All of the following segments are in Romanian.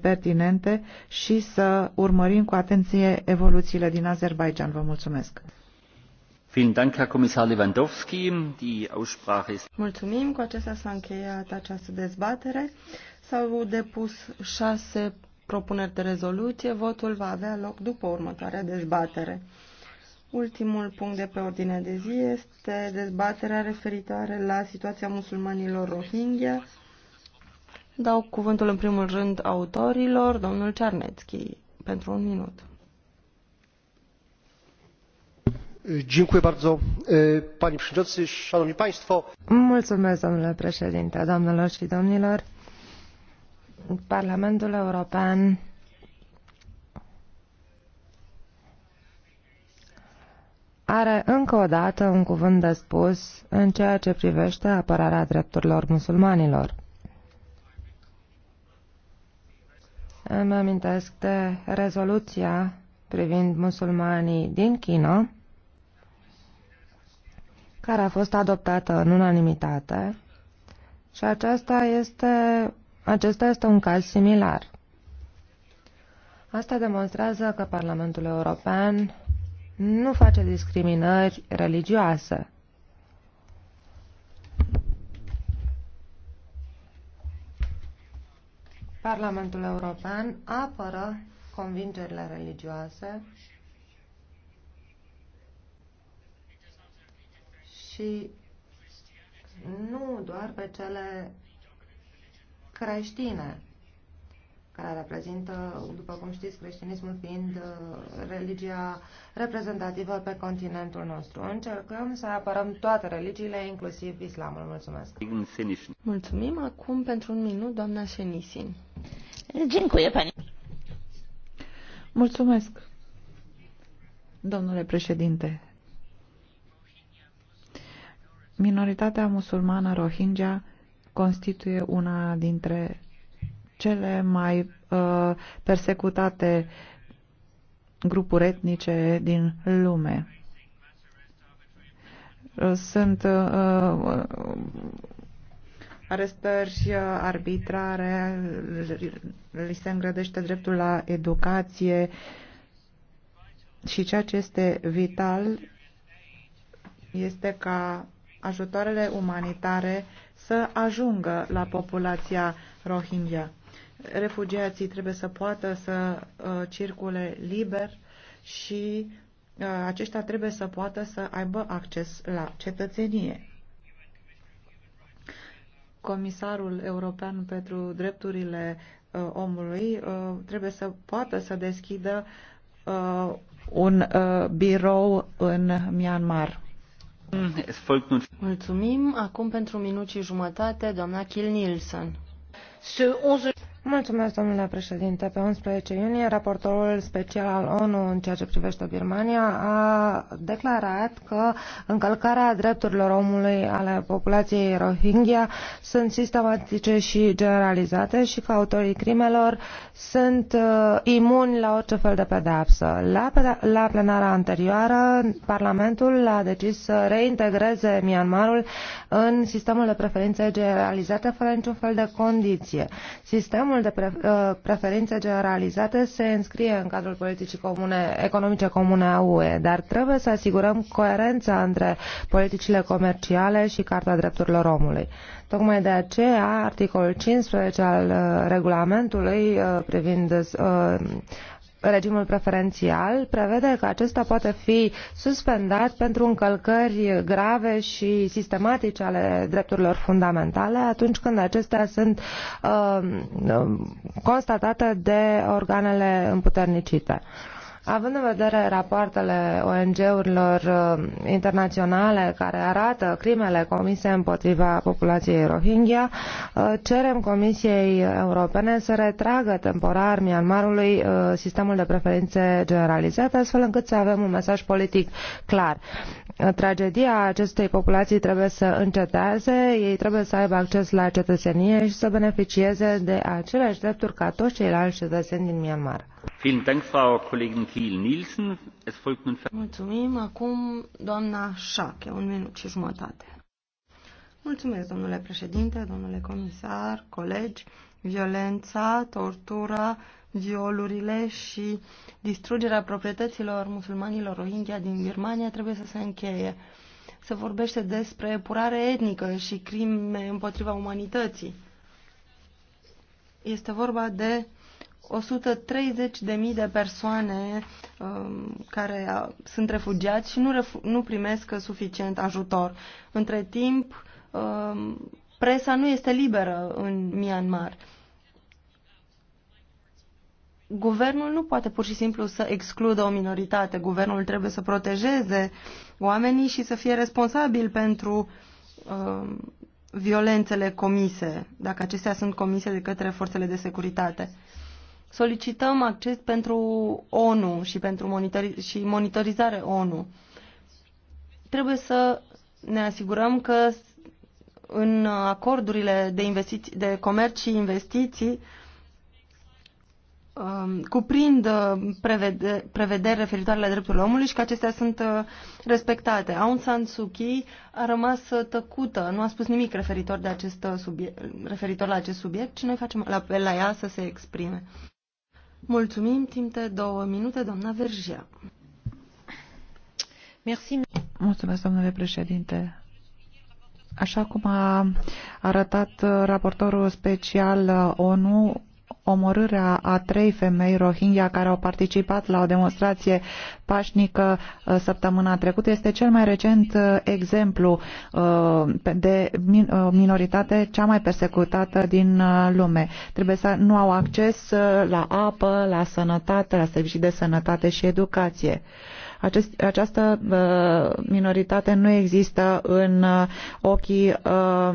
pertinente și să urmărim cu atenție evoluțiile din Azerbaijan. Vă mulțumesc! Mulțumim, cu acesta s-a încheiat această dezbatere. S-au depus șase propuneri de rezoluție. Votul va avea loc după următoarea dezbatere. Ultimul punct de pe ordinea de zi este dezbaterea referitoare la situația musulmanilor Rohingya, Dau cuvântul în primul rând autorilor, domnul Cernetski, pentru un minut. Mulțumesc, domnule președinte, doamnelor și domnilor. Parlamentul European are încă o dată un cuvânt de spus în ceea ce privește apărarea drepturilor musulmanilor. Îmi amintesc de rezoluția privind musulmanii din China, care a fost adoptată în unanimitate și aceasta este, acesta este un caz similar. Asta demonstrează că Parlamentul European nu face discriminări religioase Parlamentul European apără convingerile religioase și nu doar pe cele creștine care reprezintă, după cum știți, creștinismul fiind uh, religia reprezentativă pe continentul nostru. Încercăm să apărăm toate religiile, inclusiv islamul. Mulțumesc! Mulțumim acum pentru un minut, doamna Șenisin. Mulțumesc, domnule președinte. Minoritatea musulmană Rohingya constituie una dintre cele mai uh, persecutate grupuri etnice din lume. Uh, sunt uh, arestări arbitrare, li se îngrădește dreptul la educație și ceea ce este vital este ca ajutoarele umanitare să ajungă la populația Rohingya refugiații trebuie să poată să uh, circule liber și uh, aceștia trebuie să poată să aibă acces la cetățenie. Comisarul European pentru Drepturile uh, Omului trebuie să poată să deschidă un birou în Myanmar. Mulțumim. Acum pentru minut și jumătate, doamna Kil Nielsen. Mulțumesc, domnule președinte. Pe 11 iunie, raportorul special al ONU în ceea ce privește Birmania a declarat că încălcarea drepturilor omului ale populației Rohingya sunt sistematice și generalizate și că autorii crimelor sunt uh, imuni la orice fel de pedeapsă. La, peda- la plenara anterioară, Parlamentul a decis să reintegreze Myanmarul în sistemul de preferințe generalizate fără niciun fel de condiție. Sistemul Programul de uh, preferințe generalizate se înscrie în cadrul politicii comune, economice comune a UE, dar trebuie să asigurăm coerența între politicile comerciale și Carta Drepturilor Omului. Tocmai de aceea, articolul 15 al uh, regulamentului uh, privind regimul preferențial prevede că acesta poate fi suspendat pentru încălcări grave și sistematice ale drepturilor fundamentale atunci când acestea sunt uh, uh constatate de organele împuternicite. Uh, Având în vedere rapoartele ONG-urilor uh, internaționale care arată crimele comise împotriva populației Rohingya, uh, cerem Comisiei Europene să retragă temporar Myanmarului uh, sistemul de preferințe generalizate, astfel încât să avem un mesaj politic clar tragedia acestei populații trebuie să înceteze, ei trebuie să aibă acces la cetățenie și să beneficieze de aceleași drepturi ca toți ceilalți cetățeni din Myanmar. Mulțumim. Acum doamna Șache, un minut și jumătate. Mulțumesc, domnule președinte, domnule comisar, colegi. Violența, tortura, violurile și distrugerea proprietăților musulmanilor Rohingya din Birmania trebuie să se încheie. Se vorbește despre purare etnică și crime împotriva umanității. Este vorba de 130.000 de persoane um, care a, sunt refugiați și nu, refu nu primesc suficient ajutor. Între timp, um, presa nu este liberă în Myanmar guvernul nu poate pur și simplu să excludă o minoritate. Guvernul trebuie să protejeze oamenii și să fie responsabil pentru uh, violențele comise, dacă acestea sunt comise de către forțele de securitate. Solicităm acces pentru ONU și pentru monitori- și monitorizare ONU. Trebuie să ne asigurăm că în acordurile de, de comerț și investiții uh, Um, cuprind uh, prevede, prevederi referitoare la drepturile omului și că acestea sunt uh, respectate. Aung San Suu Kyi a rămas uh, tăcută, nu a spus nimic referitor, de acest subiect, referitor la acest subiect și noi facem la la ea să se exprime. Mulțumim, timp de două minute, doamna Vergia. Merci. Mulțumesc, domnule președinte. Așa cum a arătat raportorul special ONU, omorârea a trei femei Rohingya care au participat la o demonstrație pașnică uh, săptămâna trecută este cel mai recent uh, exemplu uh, de minoritate cea mai persecutată din lume. Trebuie să nu au acces la apă, la sănătate, la servicii de sănătate și educație. Acest, această uh, minoritate nu există în uh, ochii uh,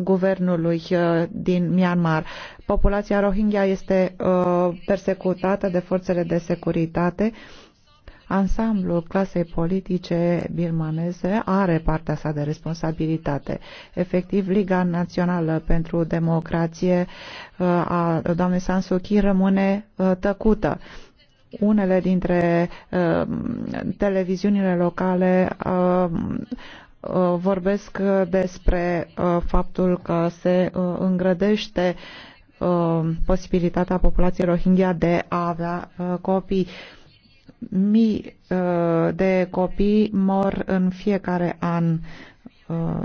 guvernului uh, din Myanmar. Populația Rohingya este uh, persecutată de forțele de securitate. Ansamblul clasei politice birmaneze are partea sa de responsabilitate. Efectiv, Liga Națională pentru Democrație uh, a doamnei Kyi rămâne uh, tăcută unele dintre televiziunile locale vorbesc despre faptul că se îngrădește Uh, posibilitatea populației Rohingya de a avea uh, copii. Mii uh, de copii mor în fiecare an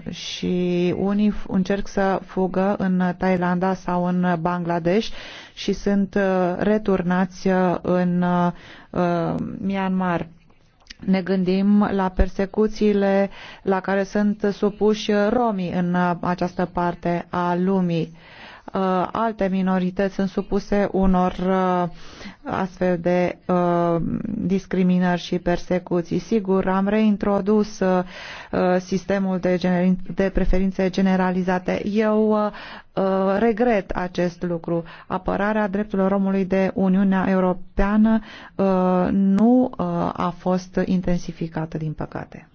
și unii încerc să fugă în Thailanda sau în Bangladesh și sunt returnați în Myanmar. Ne gândim la persecuțiile la care sunt supuși romii în această parte a lumii. Uh, alte minorități sunt supuse unor uh, astfel de uh, discriminări și persecuții. Sigur, am reintrodus sistemul de, gener- de preferințe generalizate. Eu regret acest lucru. Apărarea drepturilor omului de Uniunea Europeană nu a fost intensificată, din păcate.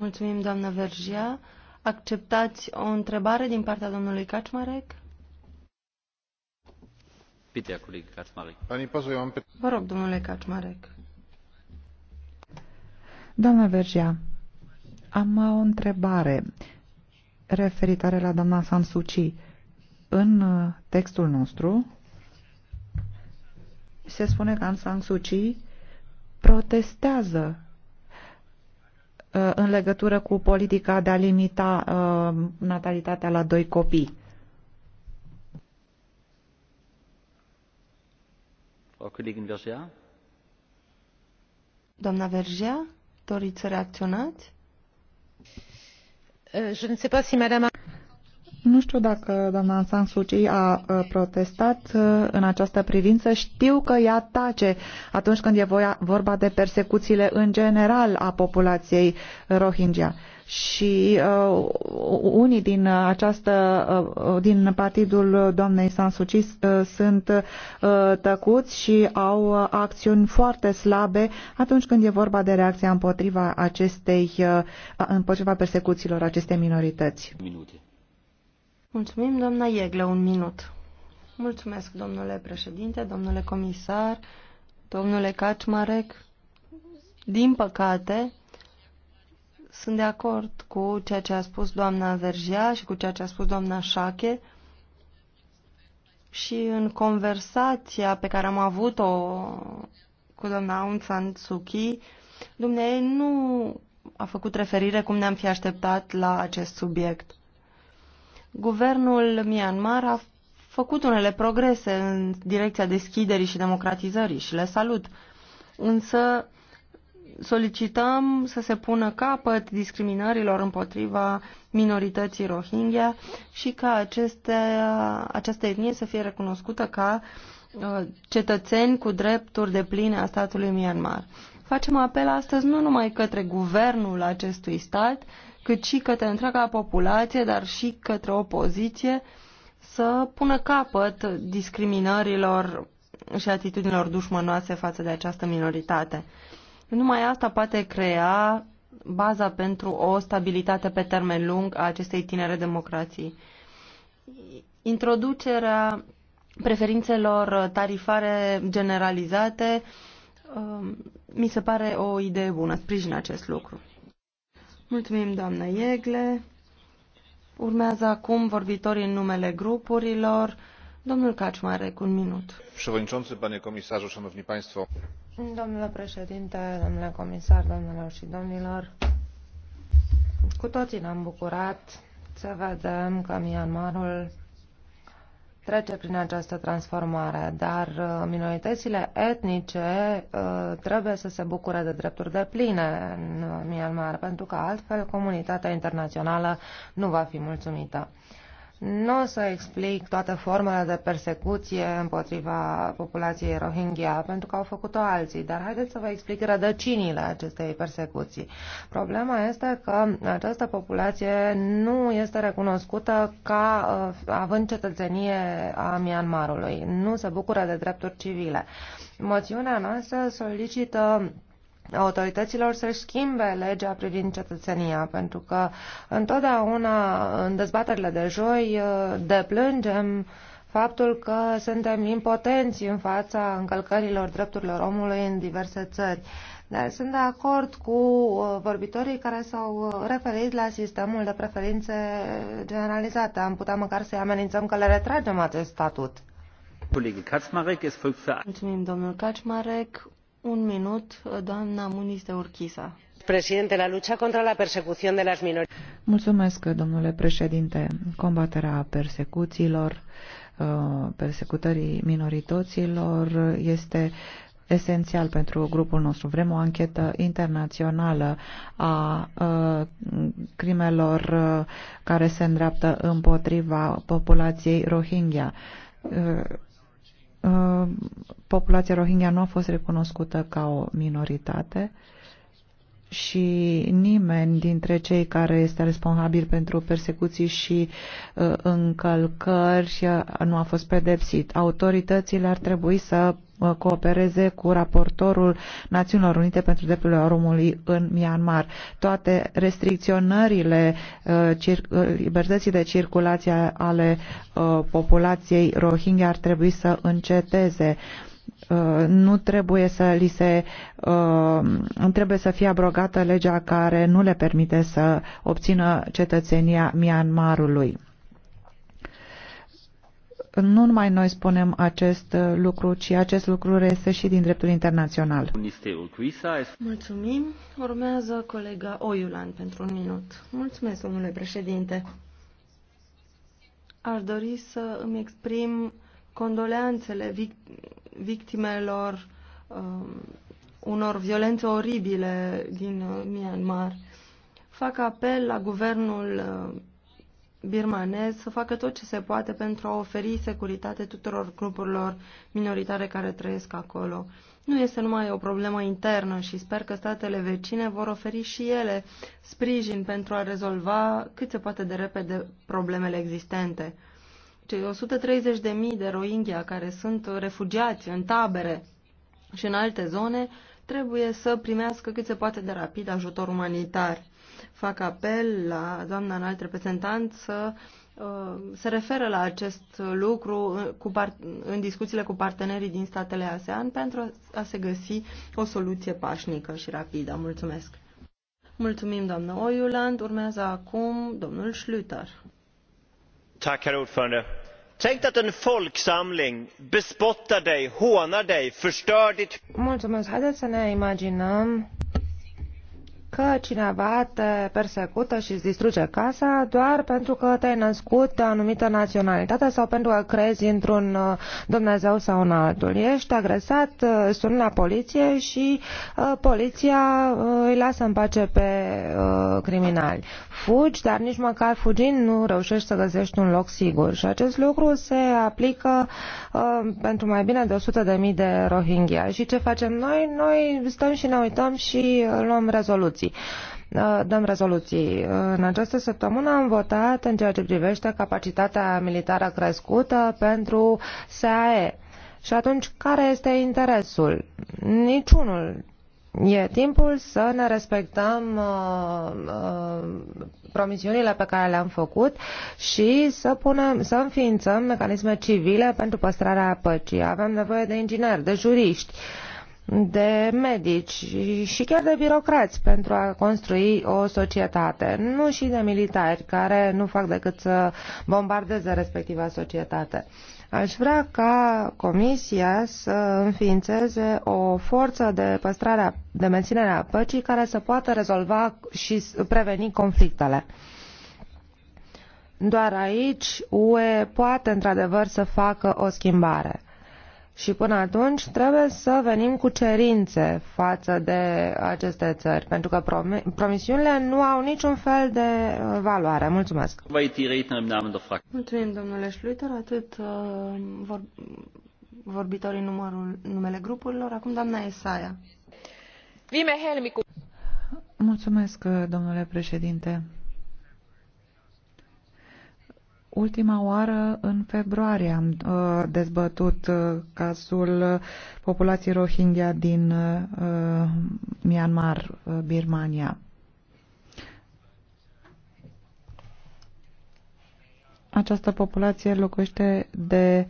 Mulțumim, doamnă Vergia. Acceptați o întrebare din partea domnului Kaczmarek? Vă rog, domnule Kaczmarek. Doamna Vergea, am o întrebare referitoare la doamna Sansuci. În uh, textul nostru se spune că Aung San Suu Kyi protestează Uh, în legătură cu politica de a limita uh, natalitatea la doi copii. Doamna Vergea, doriți să reacționați? Uh, je ne sais pas si madame nu știu dacă doamna San Suu Kyi a uh, protestat uh, în această privință. Știu că ea tace atunci când e vorba de persecuțiile în general a populației Rohingya. Și uh, unii din această, uh, din partidul doamnei San Suu Kyi uh, sunt uh, tăcuți și au uh, acțiuni foarte slabe atunci când e vorba de reacția împotriva acestei, uh, împotriva persecuțiilor acestei minorități. Minute. Mulțumim, doamna Iegle, un minut. Mulțumesc, domnule președinte, domnule comisar, domnule Kaczmarek. Din păcate, sunt de acord cu ceea ce a spus doamna Vergea și cu ceea ce a spus doamna Șache și în conversația pe care am avut-o cu doamna Aung San Suu Kyi, dumneavoastră nu a făcut referire cum ne-am fi așteptat la acest subiect. Guvernul Myanmar a făcut unele progrese în direcția deschiderii și democratizării și le salut. Însă solicităm să se pună capăt discriminărilor împotriva minorității Rohingya și ca aceste, această etnie să fie recunoscută ca uh, cetățeni cu drepturi de pline a statului Myanmar. Facem apel astăzi nu numai către guvernul acestui stat, cât și către întreaga populație, dar și către opoziție, să pună capăt discriminărilor și atitudinilor dușmănoase față de această minoritate. Numai asta poate crea baza pentru o stabilitate pe termen lung a acestei tinere democrații. Introducerea preferințelor tarifare generalizate um, mi se pare o idee bună. Sprijin acest lucru. Mulțumim, doamnă Iegle. Urmează acum vorbitorii în numele grupurilor. Domnul Kaczmarek, un minut. Przewodniczący, panie komisarzu, szanowni państwo. Domnule președinte, domnule comisar, domnilor și domnilor, cu toții ne-am bucurat să vedem că Myanmarul trece prin această transformare, dar uh, minoritățile etnice uh, trebuie să se bucure de drepturi de pline în uh, Myanmar, pentru că altfel comunitatea internațională nu va fi mulțumită. Nu o să explic toate formele de persecuție împotriva populației Rohingya, pentru că au făcut-o alții, dar haideți să vă explic rădăcinile acestei persecuții. Problema este că această populație nu este recunoscută ca uh, având cetățenie a Myanmarului, nu se bucură de drepturi civile. Moțiunea noastră solicită autorităților să-și schimbe legea privind cetățenia, pentru că întotdeauna în dezbaterile de joi uh, deplângem faptul că suntem impotenți în fața încălcărilor drepturilor omului în diverse țări. Dar sunt de acord cu uh, vorbitorii care s-au uh, referit la sistemul de preferințe generalizate. Am putea măcar să-i amenințăm că le retragem acest statut. Mulțumim, domnul Kaczmarek. Un minut, Președinte, contra domnule președinte. Combaterea persecuțiilor, uh, persecutării minorităților este esențial pentru grupul nostru. Vrem o anchetă internațională a, uh, crimelor uh, care se îndreaptă împotriva populației Rohingya. Uh, populația Rohingya nu a fost recunoscută ca o minoritate și nimeni dintre cei care este responsabil pentru persecuții și uh, încălcări uh, nu a fost pedepsit. Autoritățile ar trebui să uh, coopereze cu raportorul Națiunilor Unite pentru drepturile omului în Myanmar. Toate restricționările uh, libertății de circulație ale populației Rohingya ar trebui să înceteze. Uh, Uh, nu trebuie să li se uh, trebuie să fie abrogată legea care nu le permite să obțină cetățenia Myanmarului. Nu numai noi spunem acest lucru, ci acest lucru este și din dreptul internațional. Mulțumim. Urmează colega Oiulan pentru un minut. Mulțumesc, domnule președinte. Aș dori să îmi exprim condoleanțele vic- victimelor uh, unor violențe oribile din uh, Myanmar. Fac apel la guvernul uh, birmanez să facă tot ce se poate pentru a oferi securitate tuturor grupurilor minoritare care trăiesc acolo. Nu este numai o problemă internă și sper că statele vecine vor oferi și ele sprijin pentru a rezolva cât se poate de repede problemele existente cei 130.000 de Rohingya care sunt refugiați în tabere și în alte zone trebuie să primească cât se poate de rapid ajutor umanitar. Fac apel la doamna înalt reprezentant să uh, se referă la acest lucru cu în discuțiile cu partenerii din statele ASEAN pentru a se găsi o soluție pașnică și rapidă. Mulțumesc! Mulțumim, doamnă Oiuland. Urmează acum domnul Schlüter herr talman! Tänk att en folksamling bespottar dig, hånar dig, förstör ditt hus. Haideți să ne imaginăm că cineva te persecută și îți distruge casa doar pentru că te-ai născut de anumită naționalitate sau pentru că crezi într-un uh, Dumnezeu sau în altul. Ești agresat, uh, suni la poliție și uh, poliția îi lasă în pace pe criminali. Fugi, dar nici măcar fugind nu reușești să găsești un loc sigur. Și acest lucru se aplică pentru mai bine de 100.000 de, de Rohingya. Și ce facem noi? Noi stăm și ne uităm și luăm rezoluții rezoluții. Uh, dăm rezoluții. În această săptămână am votat în ceea ce privește capacitatea militară crescută pentru SAE. Și atunci, care este interesul? Niciunul. E timpul să ne respectăm uh, uh, promisiunile pe care le-am făcut și să, punem, să înființăm mecanisme civile pentru păstrarea păcii. Avem nevoie de ingineri, de juriști. Uh, de medici și chiar de birocrați pentru a construi o societate, nu și de militari care nu fac decât să bombardeze respectiva societate. Aș vrea ca Comisia să înființeze o forță de păstrare, de menținere a păcii care să poată rezolva și preveni conflictele. Doar aici UE poate într-adevăr să facă o schimbare. Și până atunci trebuie să venim cu cerințe față de aceste țări, pentru că promi promisiunile nu au niciun fel de uh, valoare. Mulțumesc. Mulțumim, domnule Schluter. Atât uh, vor, vorbitorii numărul, numele grupurilor. Acum doamna Esaia. Mulțumesc, domnule președinte. Ultima oară, în februarie, am uh, dezbătut uh, cazul populației Rohingya din uh, Myanmar, uh, Birmania. Această populație locuiește de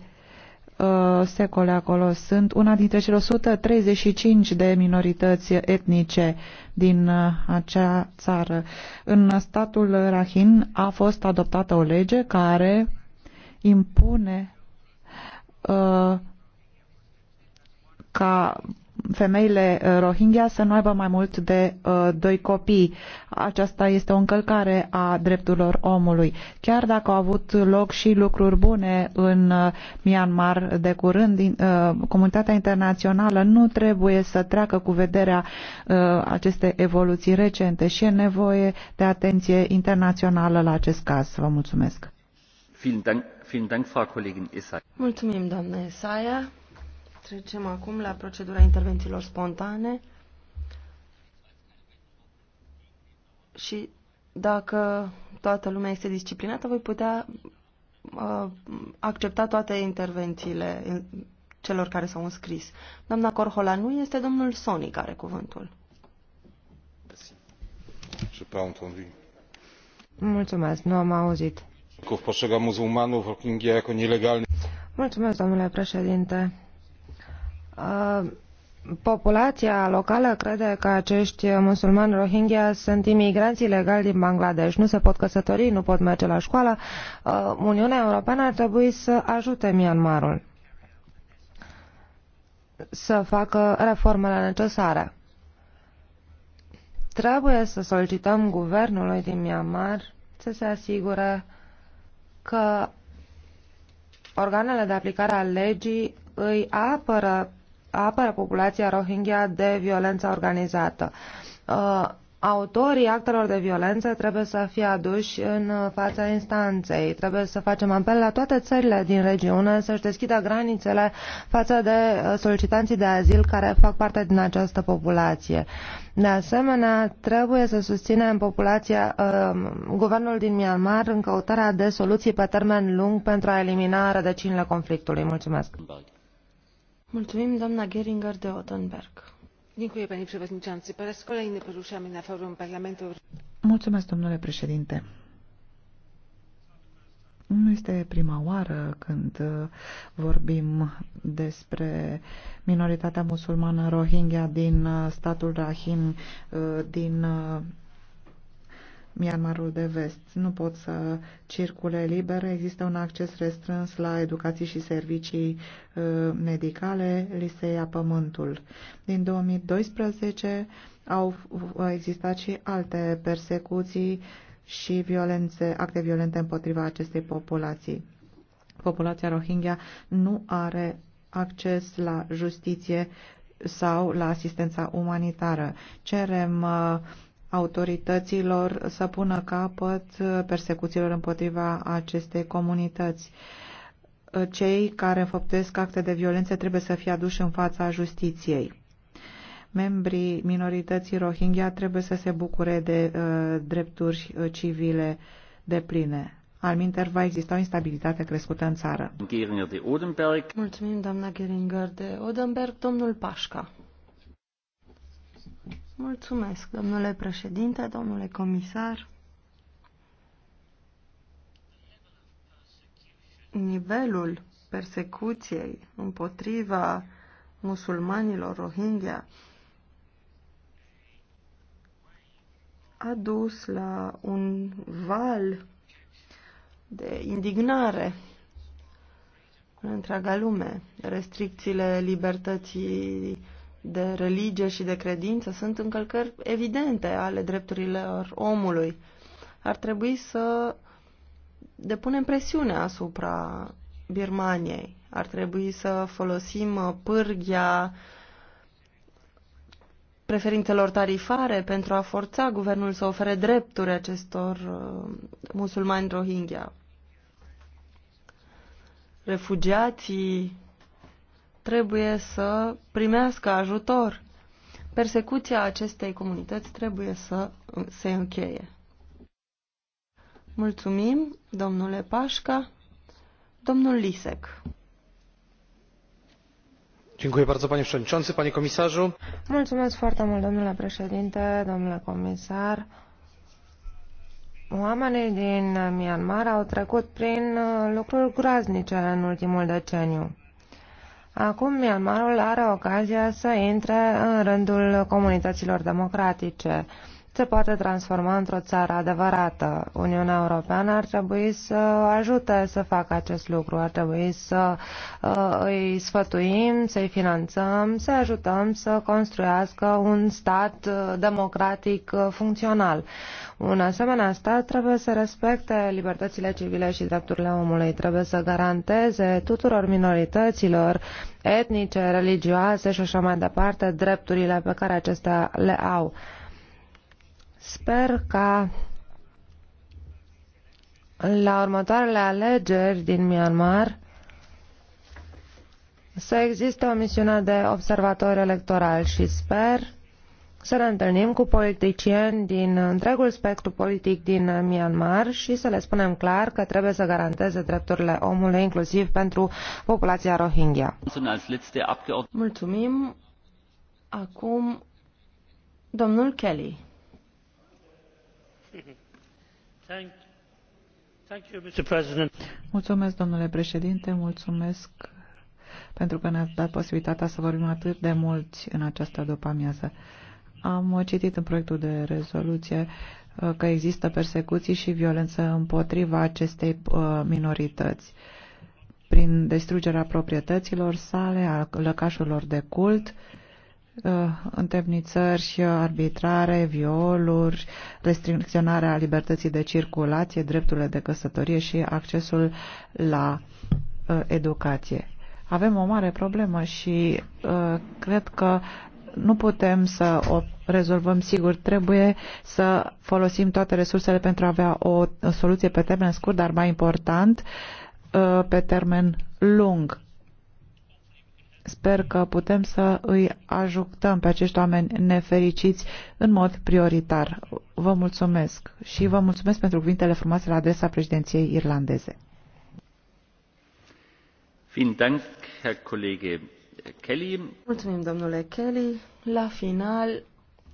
Uh, secole acolo sunt una dintre cele 135 de minorități etnice din uh, acea țară. În statul Rahin a fost adoptată o lege care impune uh, ca femeile uh, Rohingya să nu aibă mai mult de uh, doi copii. Aceasta este o încălcare a drepturilor omului. Chiar dacă au avut loc și lucruri bune în uh, Myanmar de curând, uh, comunitatea internațională nu trebuie să treacă cu vederea uh, aceste evoluții recente și e nevoie de atenție internațională la acest caz. Vă mulțumesc. Mulțumim, doamne Esaia. Trecem acum la procedura intervențiilor spontane. Și dacă toată lumea este disciplinată, voi putea uh, accepta toate intervențiile uh, celor care s-au înscris. Doamna Corhola nu este domnul Soni care cuvântul. Mulțumesc, nu am auzit. Mulțumesc, domnule președinte Uh, populația locală crede că acești musulmani Rohingya sunt imigranți ilegali din Bangladesh, nu se pot căsători, nu pot merge la școală. Uh, Uniunea Europeană ar trebui să ajute Myanmarul să facă reformele necesare. Trebuie să solicităm guvernului din Myanmar să se asigure că organele de aplicare a legii îi apără apără populația Rohingya de violența organizată. Uh, autorii actelor de violență trebuie să fie aduși în fața instanței. Trebuie să facem apel la toate țările din regiune să-și deschidă granițele față de uh, solicitanții de azil care fac parte din această populație. De asemenea, trebuie să susținem populația, uh, guvernul din Myanmar în căutarea de soluții pe termen lung pentru a elimina rădăcinile conflictului. Mulțumesc! Mulțumim, doamna Geringer de Oedenberg. Dziękuję, panie przewodniczący. Po raz kolejny poruszamy na forum Parlamentu Mulțumesc, domnule președinte. Nu este prima oară când uh, vorbim despre minoritatea musulmană Rohingya din uh, statul Rahim uh, din Myanmarul de vest. Nu pot să circule liber, există un acces restrâns la educații și servicii uh, medicale, li se ia pământul. Din 2012 au existat și alte persecuții și violențe, acte violente împotriva acestei populații. Populația Rohingya nu are acces la justiție sau la asistența umanitară. Cerem uh, autorităților să pună capăt persecuțiilor împotriva acestei comunități. Cei care înfăptesc acte de violență trebuie să fie aduși în fața justiției. Membrii minorității Rohingya trebuie să se bucure de uh, drepturi uh, civile de pline. Alminter va exista o instabilitate crescută în țară. Mulțumim, doamna Geringer de Odenberg, domnul Pașca. Mulțumesc, domnule președinte, domnule comisar. Nivelul persecuției împotriva musulmanilor Rohingya a dus la un val de indignare în întreaga lume. Restricțiile libertății de religie și de credință sunt încălcări evidente ale drepturilor omului. Ar trebui să depunem presiune asupra Birmaniei. Ar trebui să folosim uh, pârghia preferințelor tarifare pentru a forța guvernul să ofere drepturi acestor uh, musulmani Rohingya. Refugiații trebuie să primească ajutor. Persecuția acestei comunități trebuie să se încheie. Mulțumim, domnule Pașca. Domnul Lisek. Dziękuję bardzo, panie przewodniczący, panie komisarzu. Mulțumesc foarte mult, domnule președinte, domnule comisar. Oamenii din Myanmar au trecut prin uh, lucruri groaznice în ultimul deceniu. Acum Myanmarul are ocazia să intre în rândul comunităților democratice se poate transforma într-o țară adevărată. Uniunea Europeană ar trebui să ajute să facă acest lucru, ar trebui să uh, îi sfătuim, să-i finanțăm, să ajutăm să construiască un stat uh, democratic uh, funcțional. Un asemenea stat trebuie să respecte libertățile civile și drepturile omului, trebuie să garanteze tuturor minorităților etnice, religioase și așa mai departe drepturile pe care acestea le au. Sper ca la următoarele alegeri din Myanmar să existe o misiune de observator electoral și sper să ne întâlnim cu politicieni din întregul spectru politic din Myanmar și să le spunem clar că trebuie să garanteze drepturile omului, inclusiv pentru populația Rohingya. Mulțumim. Acum, domnul Kelly. Mulțumesc, domnule președinte, mulțumesc pentru că ne-ați dat posibilitatea să vorbim atât de mulți în această după-amiază. Am citit în proiectul de rezoluție uh, că există persecuții și violență împotriva acestei uh, minorități prin distrugerea proprietăților sale, a lăcașurilor de cult, Uh, întemnițări uh, arbitrare, violuri, restricționarea libertății de circulație, drepturile de căsătorie și accesul la uh, educație. Avem o mare problemă și cred că nu putem să o rezolvăm sigur. Trebuie să folosim toate resursele pentru a avea o soluție pe termen scurt, dar mai important, pe termen lung Sper că putem să îi ajutăm pe acești oameni nefericiți în mod prioritar. Vă mulțumesc și vă mulțumesc pentru cuvintele frumoase la adresa președinției irlandeze. Mulțumim, domnule Kelly. La final,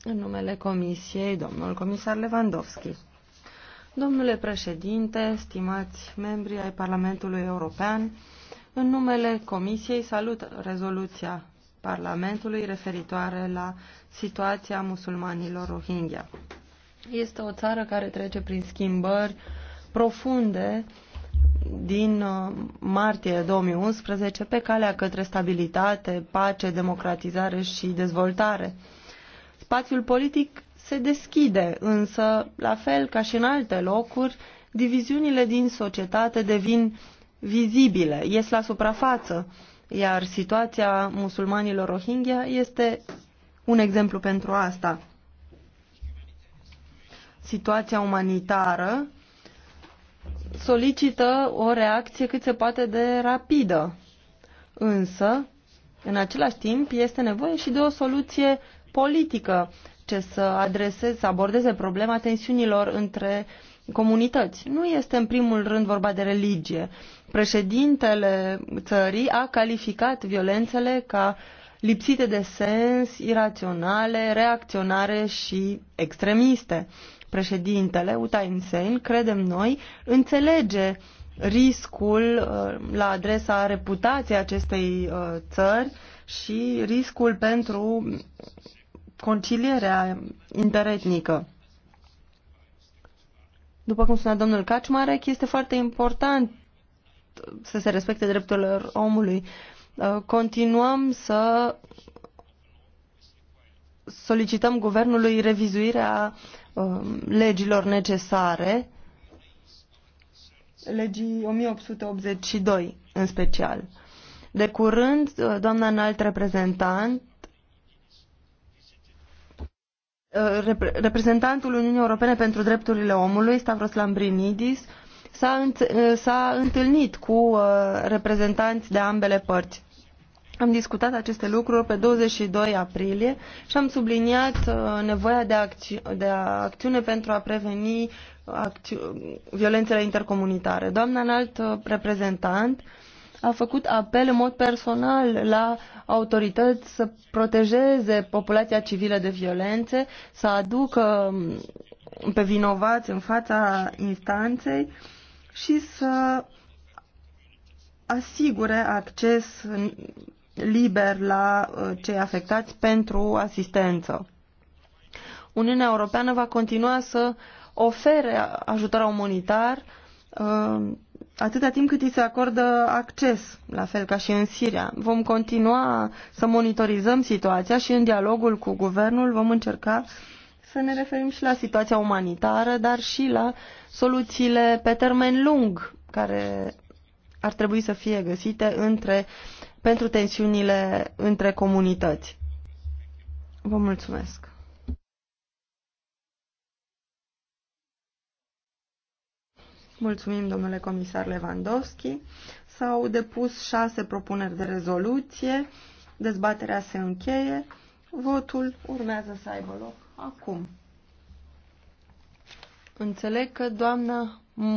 în numele Comisiei, domnul comisar Lewandowski. Domnule președinte, stimați membri ai Parlamentului European, în numele Comisiei salut rezoluția Parlamentului referitoare la situația musulmanilor Rohingya. Este o țară care trece prin schimbări profunde din uh, martie 2011 pe calea către stabilitate, pace, democratizare și dezvoltare. Spațiul politic se deschide, însă, la fel ca și în alte locuri, diviziunile din societate devin vizibile, ies la suprafață, iar situația musulmanilor Rohingya este un exemplu pentru asta. Situația umanitară solicită o reacție cât se poate de rapidă, însă, în același timp, este nevoie și de o soluție politică ce să adreseze, să abordeze problema tensiunilor între comunități. Nu este în primul rând vorba de religie. Președintele țării a calificat violențele ca lipsite de sens, iraționale, reacționare și extremiste. Președintele, Uta Insein credem noi, înțelege riscul uh, la adresa reputației acestei uh, țări și riscul pentru concilierea interetnică. După cum spunea domnul Kaczmarek, este foarte important să se respecte drepturile omului. Uh, continuăm să solicităm guvernului revizuirea um, legilor necesare, legii 1882 în special. De curând, uh, doamna înalt reprezentant Uh, reprezentantul Uniunii Europene pentru Drepturile Omului, Stavros Lambrinidis, uh, s-a întâlnit cu uh, reprezentanți de ambele părți. Am discutat aceste lucruri pe 22 aprilie și am subliniat nevoia de, acți- de acțiune pentru a preveni acți- violențele intercomunitare. Doamna înalt reprezentant, a făcut apel în mod personal la autorități să protejeze populația civilă de violențe, să aducă mm, pe vinovați în fața instanței și să asigure acces liber la uh, cei afectați pentru asistență. Uniunea Europeană va continua să ofere ajutor umanitar uh, atâta timp cât îi se acordă acces, la fel ca și în Siria. Vom continua să monitorizăm situația și în dialogul cu guvernul vom încerca să ne referim și la situația umanitară, dar și la soluțiile pe termen lung care ar trebui să fie găsite între, pentru tensiunile între comunități. Vă mulțumesc! Mulțumim, domnule comisar Lewandowski. S-au depus șase propuneri de rezoluție. Dezbaterea se încheie. Votul urmează să aibă loc acum. Înțeleg că doamna